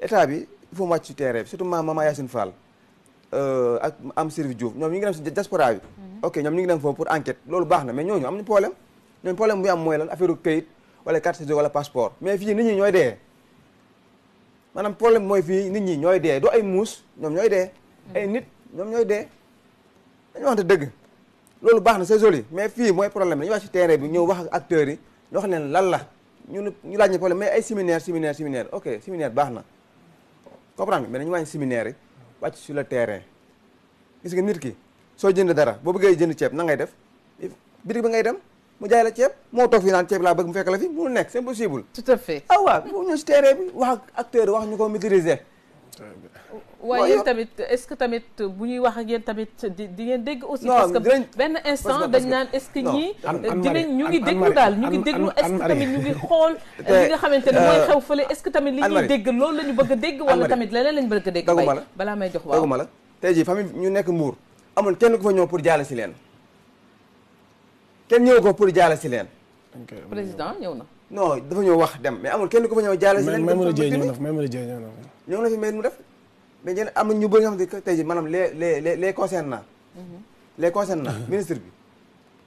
état bi il faut mu surtout Maman Mama Yacine Fall euh, ak am Sylvie Diouf ñom ñu ngi dem diaspora bi. Mhm. ok ñom ñu ngi dem enquête mais ñoo ñu amni problème problème bu am moy lan affaire keuyit wala carte d'identité wala passeport mais fi nit ñi ñoy dé manam problème moy fi nit ñi ñoy dé do ay mous ñom ñoy dé mhm. ay nit ñom ñoy là. dañu wante deug lolu baxna c'est joli mais fi moy problème wax ci terrain bi wax ak yi wax lan la ñu ñu problème mais ay séminaire séminaire séminaire ok séminaire comprendre nga mais nañu wàññi séminaire yi wàcc sur le terrain gis nga nit ki soo jënd dara boo bëggee jënd ceeb na ngay def bitig bi ngay dem mu jaay la ceeb moo toog fii naan ceeb laa bëgg mu fekk la fi mënul nekk c'est impossible. tout à fait ah waaw ñëw si terrain bi wax acteur wax ñu ko maîtriser waaye yéen tamit est-ce que tamit bu ñuy wax ak yéen tamit di ngeen dégg aussi parce que benn instant dañ naan est-ce que ñii dinañ ñu ngi déglu daal ñu ngi déglu est-ce que tamit ñu ngi xool li nga xamante ne mooy euh, xew fële est-ce que tamit li ñuy dégg loolu la ñu bëgg a dégg wala tamit leneen lañ bëgg a dégg bay balaa may jox waaw daguma la jii famille ñu nekk Mbour amul kenn ku fa ñëw pour jaale si leen kenn ñëw ko pour si leen président ñëw na non dafa ñëw wax dem mais amul kenn ku fa ñëw jaale si. may mën a jëy ñëw na fa may mën a jëy ñëw na fa. ñëw na fi mais mu def mais ñenn na ñu bëri nga xam ne tey jii maanaam les les les les concernant. Mhm. les concernant mhm. ministre bi.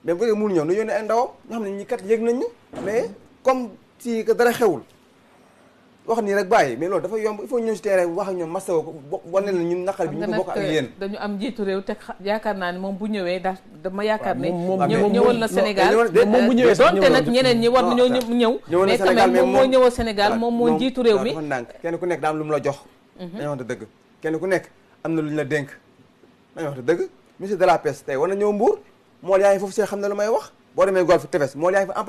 mais bu fekkee ñëw nu yónnee ay ndawam ñoo xam ne ñi kat yëg nañu mais comme si que dara xewul. wax nii rek bàyyi mais loolu dafa yomb il faut ñëw si terrain wax ak ñoom masawu ko bo wane leen ñun naqar bi ñu ko bokk euh, yaakaar naa moom bu ñëwee daal dama yaakaar ne ñëwal na Sénégal moom bu ñëwee euh, donte nag ñeneen ñi war nañoo ñëw ñëw mais quand même moom moo ñëwal Sénégal moo jiitu réew mi kenn ku nekk daa am lu mu la mhm. kenn ku nekk am na lu ñu la dénk dañu dëgg ministre de la pêche tey war na ñëw Mbour mool yaa ngi foofu see xam ne lu may wax boo demee golf tefes mool yaa ngi fa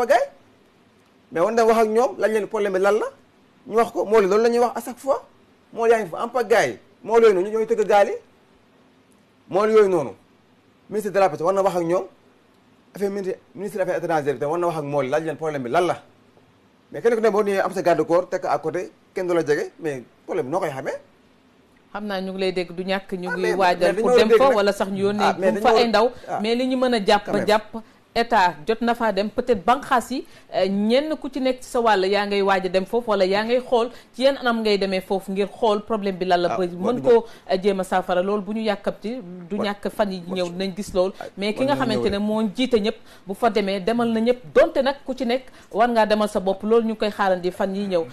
mais war na wax ak ñoom lañ leen problème bi lan la ñu wax ko mool yi loolu la ñuy wax à chaque fois mool yaa ngi fa en pagaille mool ñooy tëgg gaal yi mool yooyu noonu ministre de la pêche war na wax ak ñoom affaire ministre ministre affaires bi tam war na wax ak mool yi laaj leen problème bi lan la mais kenn ku ne boo ñëwee am sa garde corps tekk à côté kenn du la jege mais problème bi noo koy xamee. xam naa ñu ngi lay dégg du ñàkk ñu ah, ngi waajal pour dem fa wala sax ñu yónnee pour ah, fa ay ndaw ah, mais li ñu mën a jàpp jàpp état jot na faa dem peut-être banqaas yi eh, ñenn ku ci nekk sa wàll yaa ngay waaja dem foofu wala yaa ngay xool ci yenn anam ngay demee foofu ngir xool problème bi lan la ba ah, mën koo eh, jéem a saafara loolu bu ñu yàkkamti du ñàkk fan yi ñëw dinañ gis loolu ah, mais ki nga xamante ne moo jiite ñëpp bu fa demee demal na ñëpp donte nag ku ci nekk war ngaa demal sa bopp loolu ñu koy di fan yi ñëw